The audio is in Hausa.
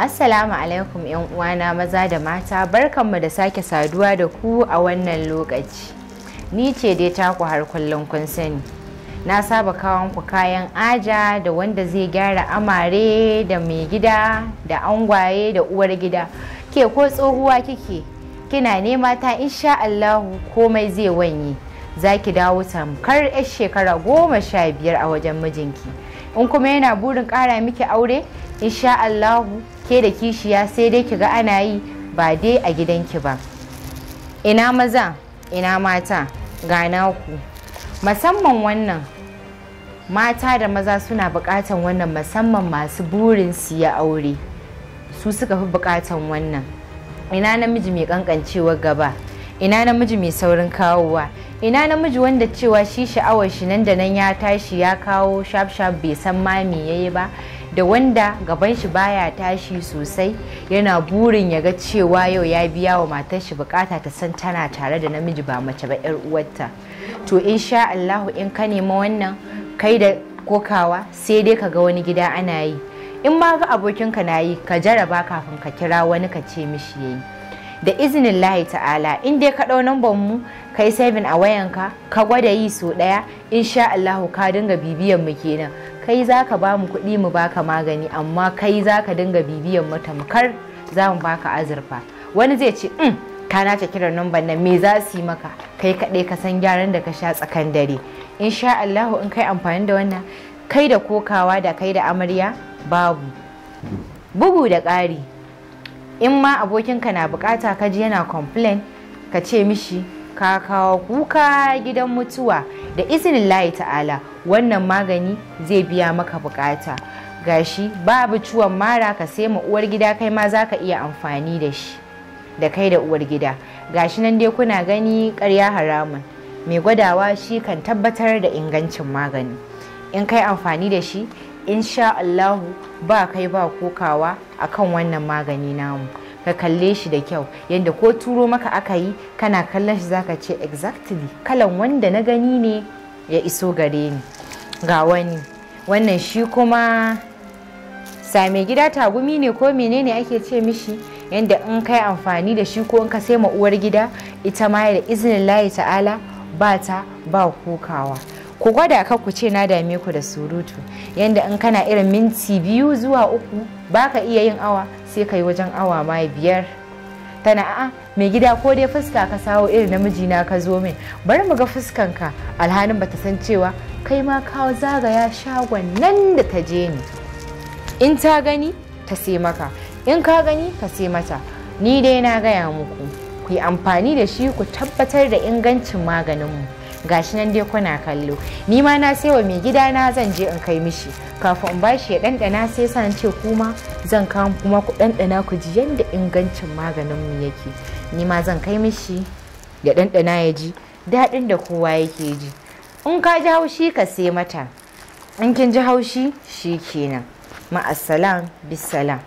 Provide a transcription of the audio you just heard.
Assalamu alaikum yan uwana maza da mata barkanmu da sake saduwa da ku a wannan lokaci. Ni ce dai taku har kullum kun sani. Na saba kawon ku kayan aja da wanda zai gyara amare da mai gida da angwaye da uwar gida. Ke ko tsohuwa kike kina nema ta insha Allahu komai zai wanye. Za ki dawo tamkar 'yar shekara goma sha biyar a wajen mijinki. In kuma yana burin ƙara miki aure, insha Allahu ke da kishiya sai dai kiga ana yi ba dai a gidanki ba ina maza ina mata ga naku musamman wannan mata da maza suna bukatan wannan musamman masu burin su ya aure su suka fi bukatan wannan ina namiji mai kankancewar gaba ina namiji mai saurin kawowa ina namiji wanda cewa shi sha'awar shi nan da nan ya tashi ya kawo shaf shaf bai san mami yayi ba da wanda gaban shi baya tashi sosai yana burin ya ga cewa yau ya biya wa matar shi bukata ta san tana tare da namiji ba mace ba yar uwarta to insha Allah in ka nema wannan kai da kokawa sai dai ka ga wani gida ana yi in ma ga abokinka na yi ka jaraba kafin ka kira wani ka ce mishi yayi da izinin Allah ta'ala in dai ka ɗau namban mu kai saving a wayanka ka gwada yi so daya insha Allah ka dinga bibiyan mu kenan kai zaka ba mu kuɗi mu baka magani amma kai zaka dinga bibiyan mu tamkar za mu baka azurfa wani zai ce um ka nace kiran numban nan me za su yi maka kai kaɗai ka san gyaran da ka sha tsakan dare insha Allah in kai amfani da wannan kai da kokawa da kai da amarya babu bugu da ƙari in ma abokinka na bukata ka ji yana complain ka ce mishi ka kawo kuka gidan mutuwa da izinin layi ta'ala wannan magani zai biya maka bukata gashi babu ciwon mara ka sai ma uwar gida kai ma za ka iya amfani da shi da kai da uwar gida gashi nan dai kuna gani karya haramun mai gwadawa shi kan tabbatar da ingancin magani in kai amfani da shi insha Allahu ba kai ba kokawa akan wannan magani namu ka kalle shi da kyau yadda ko turo maka aka yi kana kallon shi zaka ce exactly kalan wanda na gani ne ya iso gare ni ga wani wannan shi kuma same gida tagumi ne ko menene ake ce mishi yadda in ka yi amfani da shi ko in ka sai ma uwar gida ita ma da izinin layi ta'ala ba ta ba kokawa ku gwada ka ku ce na dame ku da surutu yanda in kana irin minti biyu zuwa uku baka iya yin awa sai ka yi wajen awa ma biyar tana a'a mai gida ko dai fuska ka sawo irin namiji na ka zo min bari mu ga fuskanka alhanin bata san cewa kai ma kawo zagaya shagon nan da ta je ni in ta gani ta sai maka in ka gani ka sai mata ni dai na gaya muku ku yi amfani da shi ku tabbatar da ingancin maganinmu gashi nan dai kuna kallo ni ma na sai wa mai gida na zan je in kai mishi kafin in shi ya dandana sai san ce kuma zan kawo kuma ku dandana ku ji yadda ingancin maganin mu yake ni ma zan kai mishi ya dandana ya ji daɗin da kowa yake ji in ka ji haushi ka sai mata in kin ji haushi shi kenan assalam bisalam